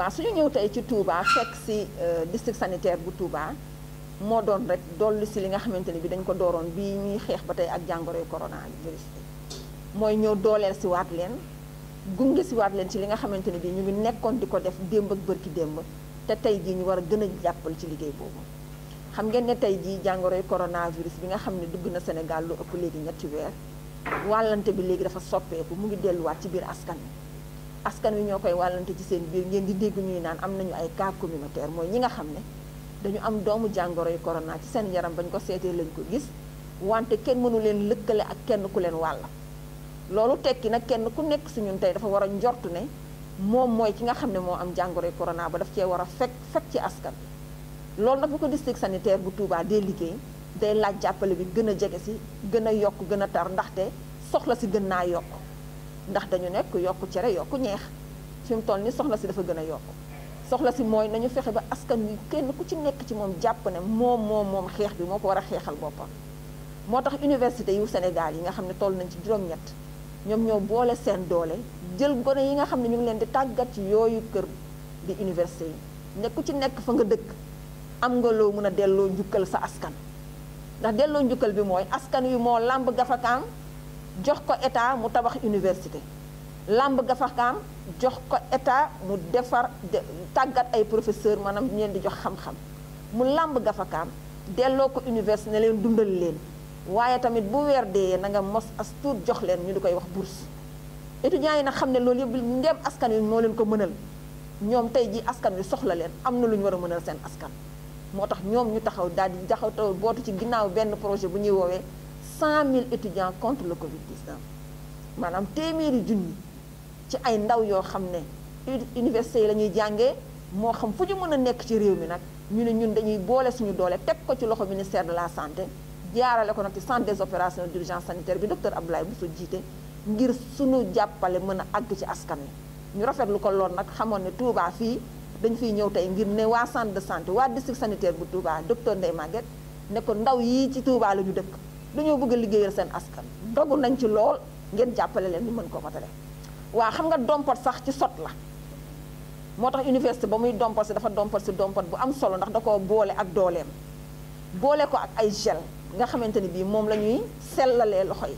waaw suñu ñëw tey ci Touba fekk si euh, district sanitaire bu Touba moo doon rek dollu si li nga xamante ni bi dañ ko dooroon bi ñuy xeex ba tey ak jàngoroy coronavirus bi mooy ñëw dooleel si waat leen gunge si waat leen ci li nga xamante ni bi ñu ngi nekkoon di ko def démb bërki démb te tey jii ñu war a gën a jàppal ci liggéey boobu xam ngeen ne tey jii jàngoroy coronavirus bi nga xam ne dugg na Sénégal lu ëpp léegi ñetti weer wàllante bi léegi dafa soppeeku mu ngi delluwaat ci biir askan wi askan wi ñoo koy wàllante ci seen biir ngeen di dégg ñuy naan am nañu ay cas communautaire mooy ñi nga xam ne dañu am doomu jàngoro yu corona ci seen yaram bañ ko seetee lañ ko gis wante kenn mënu leen lëkkale ak kenn ku leen wàll loolu tekki nag kenn ku nekk si ñun tey dafa war a njortu ne moom mooy ki nga xam ne moo am jàngoro yu corona ba daf cee war a fekk fekk ci askan loolu nag bu ko district sanitaire bu tuubaa dee liggéey day laaj jàppale bi gën a jege si gën a yokk gën a tar ndaxte soxla si gën naa yokk ndax dañu nekk yokk cere yokk ñeex fi mu toll ni soxla si dafa gën a yokk soxla si mooy nañu fexe ba askan wi kenn ku ci nekk ci moom jàpp ne moom moom moom xeex bi moo ko war a xeexal boppam moo tax université yu Sénégal yi nga xam ne toll nañ ci juróom-ñett ñoom ñoo boole seen doole jël gone yi nga xam ne ñu ngi leen di tàggat ci yooyu kër di université yi ne ku ci nekk fa nga dëkk am nga loo mën a delloo njukkal sa askan ndax delloo njukkal bi mooy askan wi moo làmb gafakaam jox ko état mu tabax université làmb gafakaam jox ko état mu defar tàggat ay professeur maanaam ñu leen di jox xam-xam mu làmb gafakaam delloo ko université ne leen dundal leen waaye tamit bu weer dee na nga mos as tuut jox leen ñu di koy wax bourse étudiants yi nag xam ne loolu yëpp ndeem askan wi moo leen ko mënal ñoom tey ji askan wi soxla leen am na lu ñu war a mënal seen askan moo tax ñoom ñu taxaw daal di taxaw bootu ci ginnaaw benn projet bu ñuy woowee cent mille étudiants contre le Covid 19 maanaam téeméeri junni ci ay ndaw yoo xam ne université yi lañuy ñuy jàngee moo xam fu ñu mën a nekk ci réew mi nag ñu ne ñun dañuy boole suñu doole teg ko ci loxo ministère de la santé jaarale ko nag ci centre des opérations d'urgence sanitaire bi docteur Abdoulaye Bousso jiite ngir suñu jàppale mën a àgg ci askan wi ñu rafetlu ko lool nag xamoon ne Touba fii dañ fiy ñëw tey ngir ne waa centre de santé waa district sanitaire bu Touba docteur Ndeye Maguette ne ko ndaw yii ci Touba la ñu dëkk dañoo bëgg liggéeyal seen askan dogu nañ ci lool ngeen jàppale leen ñu mën ko matale waa xam nga dompat sax ci sot la moo tax université ba muy dompat si dafa dompat si dompat bu am solo ndax da ko boole ak dooleem boole ko ak ay gel nga xamante ni bii moom la ñuy sellalee loxo yi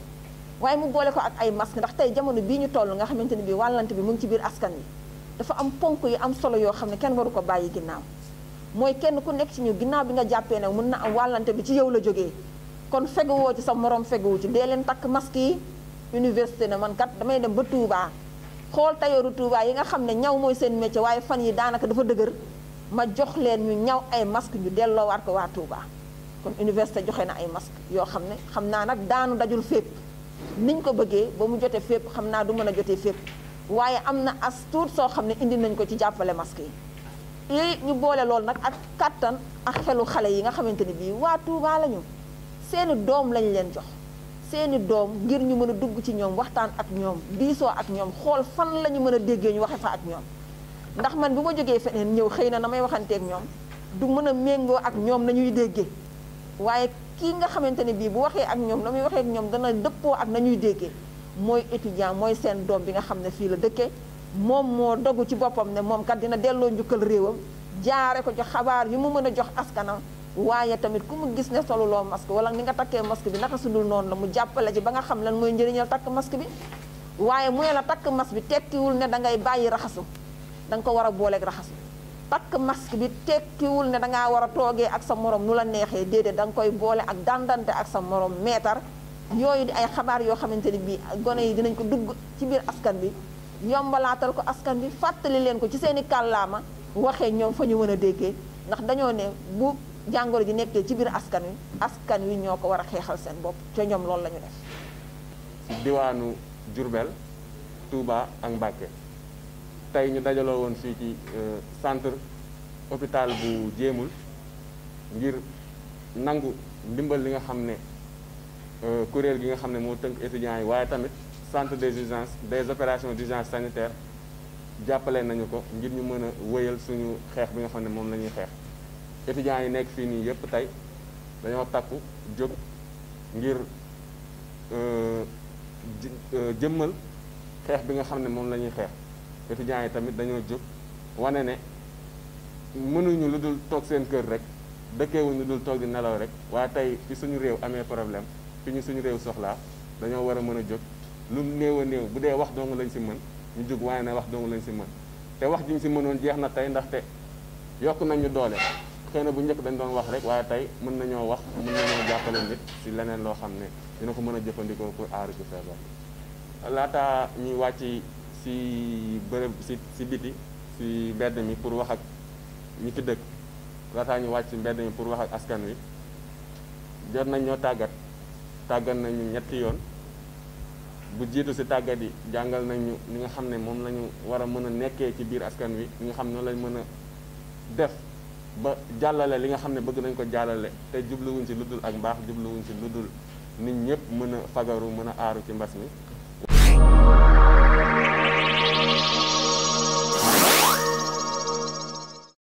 waaye mu boole ko ak ay masque ndax tey jamono bii ñu toll nga xamante ni bii wàllante bi mu ngi ci biir askan yi dafa am ponk yu am solo yoo xam ne kenn waru ko bàyyi ginnaaw mooy kenn ku nekk ci ñu ginnaaw bi nga jàppee nag mën na am wàllante bi ci yow la jógee kon feguwoo ci sa morom feguwu ci dee leen takk masque yi université na man kat damay dem ba Touba xool tayooru Touba yi nga xam ne ñaw mooy seen métier waaye fan yi daanaka dafa dëgër ma jox leen ñu ñaw ay masque ñu waat ko waa Touba kon université joxe na ay masque yoo xam ne xam naa nag daanu dajul fépp niñ ko bëggee ba mu jotee fépp xam naa du mën a jotee fépp waaye am na as tuut soo xam ne indi nañ ko ci jàppale masque yi lii ñu boole loolu nag ak kàttan ak xale yi nga xamante ne bii waa Touba la seeni doom lañu leen jox seeni doom ngir ñu mën a dugg ci ñoom waxtaan ak ñoom diisoo ak ñoom xool fan la ñu mën a déggee ñu waxe fa ak ñoom ndax man bu ma jógee feneen ñëw xëy na na may waxanteeg ñoom du mën a méngoo ak ñoom nañuy déggee waaye kii nga xamante ne bii bu waxee ak ñoom na muy waxee ñoom dana dëppoo ak nañuy déggee mooy étudiant mooy seen doom bi nga xam ne fii la dëkkee moom moo dogu ci boppam ne moom kat dina delloo njukkal réewam jaare ko jox xabaar yi mu mën a jox askanam waaye tamit ku mu gis ne soluloo masque wala ni nga takkee masque bi naka noonu la mu jàppale ci ba nga xam lan mooy njëriñal takk masque bi waaye mu ne la takk masque bi tekkiwul ne da ngay bàyyi raxasu da ko war a booleeg raxasu takk masque bi tekkiwul ne da ngaa war a toogee ak sa moroom nu la neexee déedéet da koy boole ak dandante ak sa morom meetar yooyu di ay xabaar yoo xamante ni bii gone yi dinañ ko dugg ci biir askan bi yombalaatal ko askan bi fàttali leen ko ci seen i kàllaama waxee ñoom fa ñu mën a déggee ndax dañoo ne bu jàngoro ji nekkee ci biir askan wi askan wi ñoo ko war a xeexal seen bopp te ñoom loolu la ñu def. diwaanu Diourbel Touba ak Mbacké tey ñu dajaloo woon fii ci euh, centre hôpital bu jéemul ngir nangu ndimbal li nga xam ne euh, kuréel gi nga xam ne moo tënk étudiants yi waaye tamit centre des urgences des opérations d'urgence sanitaires jàppale nañu ko ngir ñu mën a wéyal suñu xeex bi nga xam ne moom la ñuy xeex. étudiants yi nekk fii nii yëpp tey dañoo takku jóg ngir euh, euh, jëmmal xeex bi nga xam ne moom lañuy xeex étudiants yi tamit dañoo jóg wane ne mënuñu lu dul toog seen kër rek dëkkeewuñu lu dul toog di nelaw rek waa tey fi suñu réew amee problème fi ñu suñu réew soxlaa dañoo war a mën a jóg lu néew néew bu dee wax dong lañ si mën ñu jóg waaye ne wax dong lañ si mën te wax ji ñu si mënoon jeex na tey ndaxte yokk nañu doole xëy na bu njëkk dañ doon wax rek waaye tey mën nañoo wax mën nañoo jàppale nit si leneen loo xam ne dina ko mën a jëfandikoo pour aaru ci feebar laata ñuy wàcc si bërëb si si biti si mbedd mi pour wax ak ñi fi dëkk laataa ñu wàcc si mbedd pour wax ak askan wi jot nañ ñoo tàggat tàggat nañu ñetti yoon bu jiitu si tàggat yi jàngal nañu ñi nga xam ne moom lañu ñu war a mën a nekkee ci biir askan wi ñi nga xam ne lañ mën a def ba jàllale li nga xam ne bëgg nañ ko jàllale te jubluwuñ ci lu dul ak mbaax jubluwuñ ci lu dul nit ñëpp mën a fagaru mën a aaru ci mbas mi